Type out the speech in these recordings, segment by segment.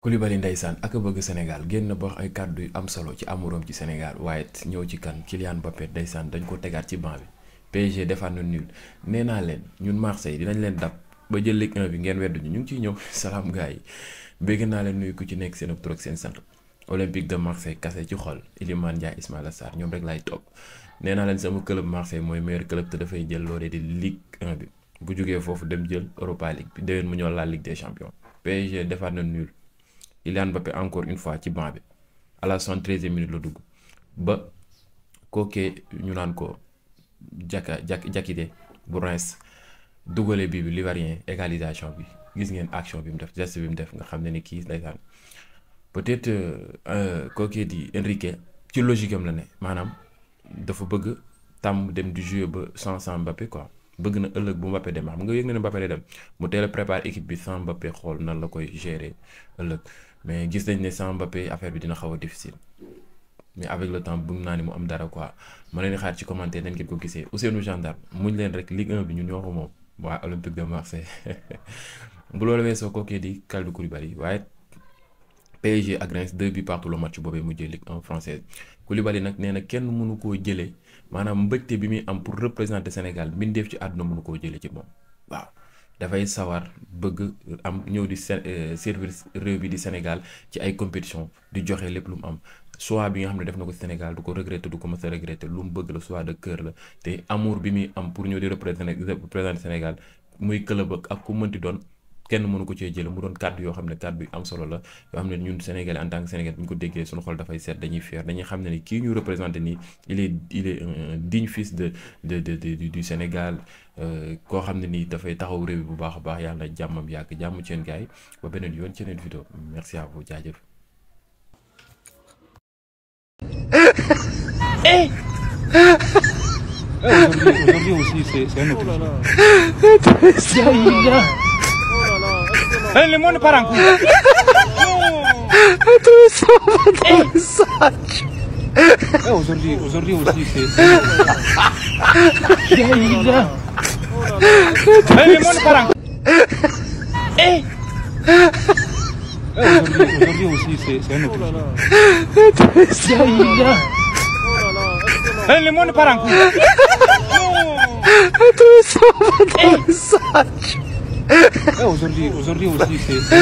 Koulibaly ndeysaan ak bëgg Sénégal génn ba ay kàddu yu am solo ci amuroom ci Sénégal waaye ñëw ci kan Kylian Mbappé ndeysaan dañ ko tegaat ci banc bi PSG defaat na nul nee naa leen ñun Marseille dinañ leen dab ba jël Ligue 1 bi ngeen wedduñu ñu ngi ciy ñëw salaam gars yi bëgg naa leen nuyu ku ci nekk seen tur ak seen sant Olympique de Marseille kase ci xol Iliman Ndiaye Ismaïla Sarr ñoom rek laay topp nee naa leen sama club Marseille mooy meilleur club dafay jël loolee di Ligue 1 bi bu foofu dem jël Europa League bi déwén mu ñoo laal Ligue des champions PSG nul Kylian Mbappé encore une fois ci banc bi à la soixante-treizième minute la dugg ba kookee ñu naan ko jaka jak jakite bu Reims dugale bi bi l'Ivoirien égalisation bi gis ngeen action bi mu def geste bi mu def nga xam ne ni kii ndeysaan peut-être euh, euh, kookee di Enrique ci logique am la ne maanaam dafa bëgg tàmm dem di jouer ba cent sans Mbappé quoi bëgg na ëllëg bu Mbappé dem xam nga yëg na ne Mbappé day dem mu teel a préparer équipe bi sans Mbappé xool nan la koy gérer ëllëg mais gis nañ ne sans Mbappé affaire bi dina xaw a difficile mais avec le temps bëgg naa ni mu am dara quoi ma leen xaar ci commentaire nañ ngeen ko gisee Ousseynou Gendarme muñ leen rek Ligue 1 bi ñun ñoo ko moom waa Olympique de Marseille bu loolu weesoo kookee di Kalidou Koulibaly waaye PSG ak Reims deux buts partout le match boobee mujjee Ligue 1 française Koulibaly nag nee na kenn mënu koo jëlee maanaam mbëgte bi muy am pour représenter Sénégal mbindeef ci àdduna mënu koo jëlee ci moom waaw. dafay sawar bëgg am ñëw di euh, servir réew bi di Sénégal ci ay compétition di joxe lépp lu mu am choix bi nga xam ne def na ko Sénégal du ko regretter du ko mës a regretter lu mu bëgg la choix de cœur la te amour bi muy am pour ñëw di représenter représenter Sénégal muy club ak ku mënti doon kenn mënu ko cee jële mu doon kàddu yoo xam ne kàddu yu am solo la yoo xam ne ñun sénégalais en tant que sénégalais bu ñu ko déggee suñu xol dafay seet dañuy fier dañuy xam ne ni kii ñu représenté nii il est digne fils de de de du Sénégal koo xam ne nii dafay taxaw réew bu baax a baax yàlla jàmmam yàgg jàmm ci yéen gars yi ba beneen yoon ci yeneen vidéo merci à vous jaajëf. aussi Ele manda para J'ai trouvé ça dans le sac. Eh, aujourd'hui, aujourd'hui aussi, c'est. Jaïda. Hey, les mondes parents. Eh. Aujourd'hui, aujourd'hui aussi, c'est un autre. J'ai trouvé ça. Jaïda. Hey, les mondes parents. J'ai trouvé ça dans le sac. Eh, aujourd'hui, aujourd'hui aussi, c'est...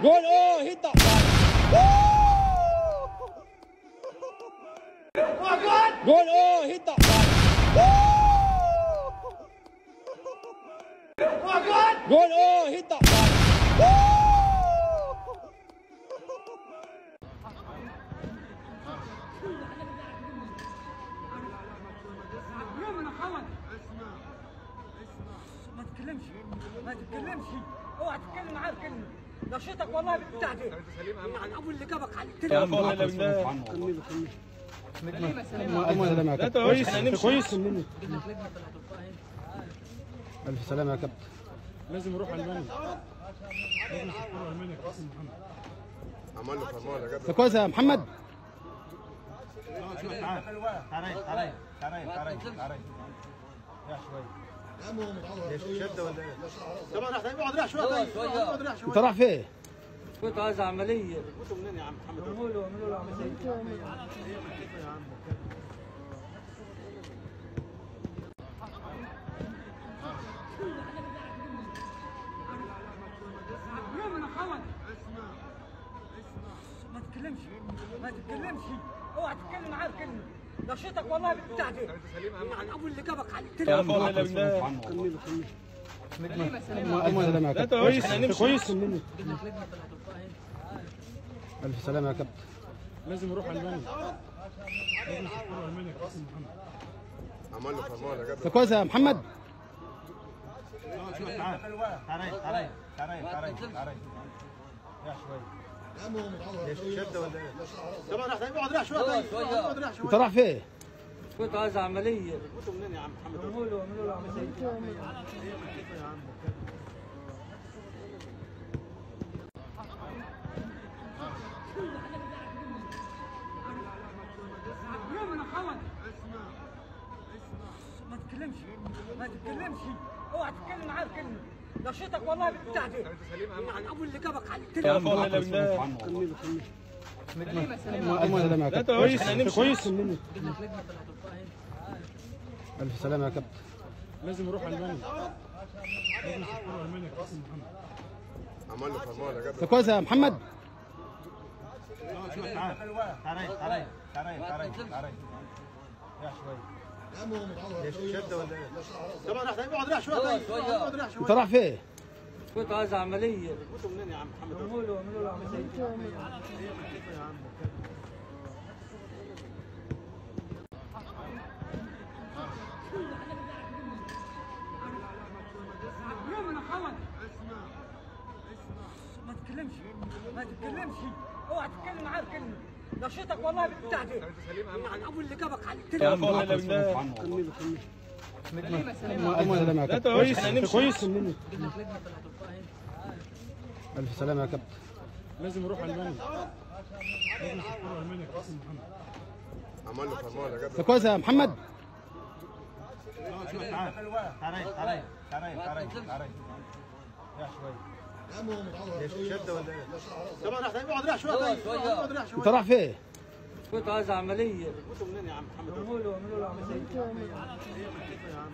Gol! on, good. Good. Oh, hit that one. ما تتكلمش ما تتكلمش اوعى تتكلم معاه بكلمه نشيطك والله بتاعتي يعني اول اللي جابك على التليفون يا الله كمله كمله لا كويس كويس ألف سلامة يا كابتن لازم نروح ألمانيا لازم نروح ألمانيا كابتن محمد عمل لك فرمان يا كابتن كويس يا محمد تعال تعال تعال تعال تعال تعال يا شوية طبعا راح اقعد راح شويه طيب اقعد راح شويه انت راح فين؟ كنت عايز عمليه كنت منين يا عم محمد؟ اعملوا له اعملوا له عمليه ما تتكلمش ما تتكلمش اوعى تتكلم معاه كلمه نشيطك والله بتاع دي يعني ابو اللي جابك على التليفون والله بالله كملوا كملوا لا كويس كويس الف سلامه يا كابتن لازم نروح المانيا لازم نروح المانيا عمل له فرمان يا كابتن كويس يا محمد تعالى تعالى تعالى تعالى تعالى ريح شويه طبعا راح اقعد ريح شويه طيب اقعد ريح شويه انت رايح فين؟ كنت عايز عمليه كنت منين يا عم محمد؟ اعملوا اعملوا له عمليه اسمع اسمع ما تتكلمش ما تتكلمش اوعى تتكلم معاه كلمه نشيطك والله بتاع دي مع الابو اللي جابك على التليفون يا عم والله بالله كملوا كملوا سلامة يا كابتن كويس كويس ألف سلامة يا كابتن لازم نروح ألمانيا لازم نروح ألمانيا كابتن محمد عمل له كويس يا محمد تعال تعال تعال تعال تعال تعال يا شوية طبعا راح اقعد راح شويه اقعد راح شويه انت راح فين؟ كنت عايز عمليه كنتوا منين يا عم محمد؟ اعملوا له اعملوا له عمليه يا عم اسمع اسمع ما تتكلمش ما تتكلمش نشيطك والله بتاعتي عن ابو اللي جابك على التليفون يا فضل الله كمله كمله لا كويس كويس الف سلامه يا كابتن لازم نروح المانيا لازم نروح المانيا عملنا فرمان يا كابتن كويس يا محمد تعال تعال تعال تعال تعال تعال يا شويه طبعا راح اقعد راح شويه طيب اقعد راح شويه انت راح فين؟ كنت عايز عمليه كنت منين يا عم محمد؟ اعملوا له اعملوا له عمليه يا عم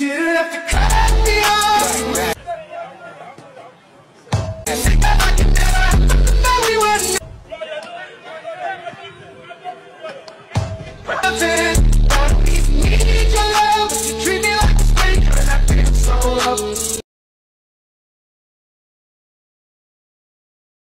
Did it have to